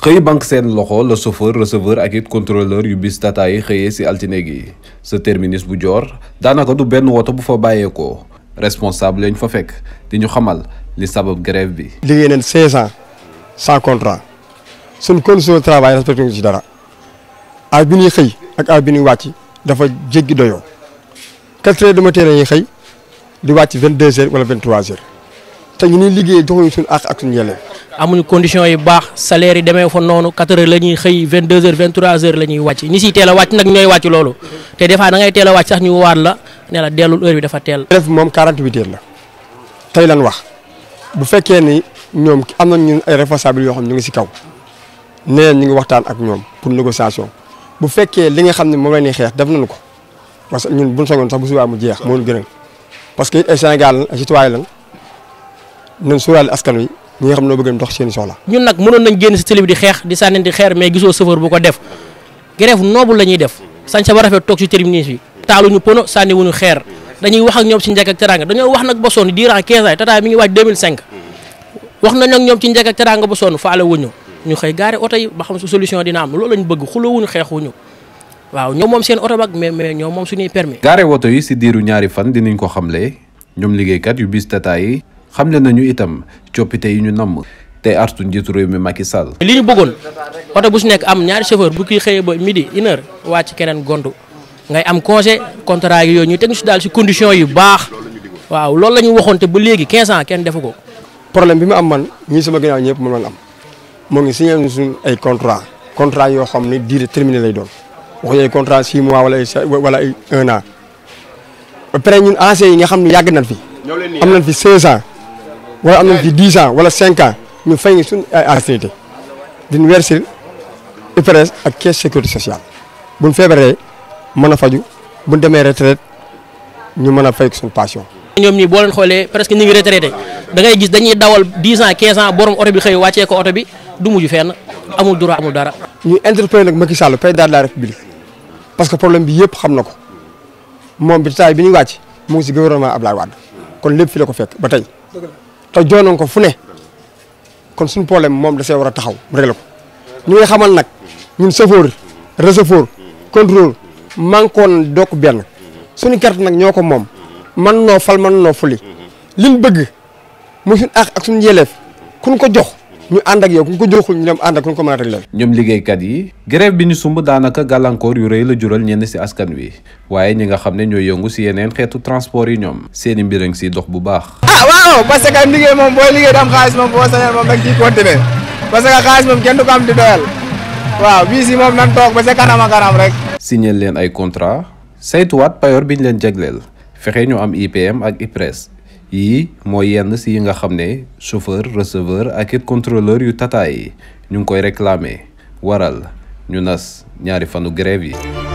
xëy banque seen loxo la chauffeur receveur ak it contrôleur yu bis tata yi xëyee si altine gi sa terminus bu joor daanaka du benn woto bu fa bàyyeekoo responsable lañ fa fekk di ñu xamal li sabab grève bi. liggéey nañ 16 ans sans contrat suñ condition de travail respecté ñu ci dara aay bi ñuy xëy ak aay bi ñuy wàcc dafa jéggi doyoo 4 heures du matin la ñuy xëy di wàcc 22 heures wala 23 heures. te ñu ñuy liggéey joxuñu suñu àq ak suñu yelleef. amuñu condition yi baax salaire yi demee fa noonu 4 heures la ñuy xëy 22 heures 23 heures la ñuy wàcc ñi siy teel a wàcc nag ñooy wàcc loolu te des fois da ngay a wàcc sax ñu waat la ne la dellul heure bi dafa teel. grève moom 48 heures la tey wax bu fekkee ni ñoom am na ñu ay responsable yoo xam ñu ngi si kaw nee ñu ngi waxtaan ak ñoom pour négociation bu fekkee li nga xam ne moom la ñuy xeex def nañu ko parce que ñun buñ sañoon sax bu subaa mu jeex moo ñu gënal parce que ay Sénégal ay citoyen lañ nañ suuraale askan wi ñi nga xam noo bëgg dox seeni soxla. ñun nag mënoon nañ génn si télé bi di xeex di sànni di xeer mais gisoo chauffeur bu ko def grève noble la ñuy def sañ sa ba rafet toog si terminus bi taaluñu pono sànni wuñu xeer dañuy wax ak ñoom si njëkk ak teraanga dañoo wax nag ba sonn durant 15 ngi waaj 2005 wax nañ ak ñoom ci ba sonn faale wuñu ñu xëy gaare oto yi ba xam su solution dina am loolu lañ bëgg xulawuñu xeexuñu waaw ñoom moom seen oto bag mais mais ñoom moom suñuy permis gaare woto yi si ñaari fan dinañ ko xamle ñoom liggéeykat yu bis tata yi xam xamle nañu itam coppite yi ñu namm tey artu njiitu réew mi Macky Sall. li ñu bëggoon oto bu si nekk am ñaari chauffeur bu kii xëyee ba midi une waa wàcc keneen gontu ngay am congé contrat yoo ñu teg si daal si condition yu baax waaw loolu la ñu waxoon te ba léegi 15 ans kenn defu ko. problème bi mu am man ñii sama ginnaaw ñëpp mën am moo ngi si signé suñ ay contrat contrat yoo xam ne durée terminée lay doon waxuñu ay contrat 6 mois ay wala ay ñun anciens yi nga xam ni yàgg nañ fi. am ah. nañ fi 16 ans. wala am nañ fi dix ans wala cinq ans ñu fay ngi suñ ay activité diñ wersil IPRES ak caisse sécurité sociale buñ feebaree mën a faju buñ demee retraite ñu mën a fay suñ pension ñoom ñi boo leen xoolee presque ñu ngi retraité da ngay gis dañuy dawal dix ans quinze ans borom oto bi xëy wàccee ko oto bi du mujj fenn amul droit amul dara ñu interpellé nag Macky Sall président de la république parce que problème bi yëpp xam na ko moom bi taay bi ñuy wàcc mu ngi si gouvernement Abdoulaye Wade kon lépp fi la ko fekk ba tey te joonoon ko fu ne kon suñu problème moom da see war a taxaw mu réglé ñu ngi nag ñun chauffeur receveur contrôle mankoon dokk benn suñu carte nag ñoo ko moom man noo fal man noo fuli liñ bëgg mu suñu aax ak suñu yeleef kuñ ko jox ñu ànd ak yow ku ñu ko joxul ñu dem ànd ak ku ñu ko mën a teglal ñoom liggéeykat yi grève bi ñu sumb daanaka gàllankoor yu rëy la jural ñenn ci askan wi waaye ñi nga xam ne ñoo yëngu ci yeneen xeetu transport yi ñoom seeni mbir a ngi ciy dox bu baax ah waaw parce que liggéey moom booy liggéey da xaalis moom boo sañoon moom da nga ciy ba parce que xaalis moom kenn du ko am di doyal waaw bii si moom nan toog ba sa kanam kanam rek signé leen ay contrat saytuwaat payoor bi ñu leen jagleel fexe ñu am IPM ak IPRES yii mooy yenn si yi nga xam ne chauffeur receveur ak it contrôleur yu tata yi ñu ngi koy réclamer waral ñu nas ñaari fanu grève yi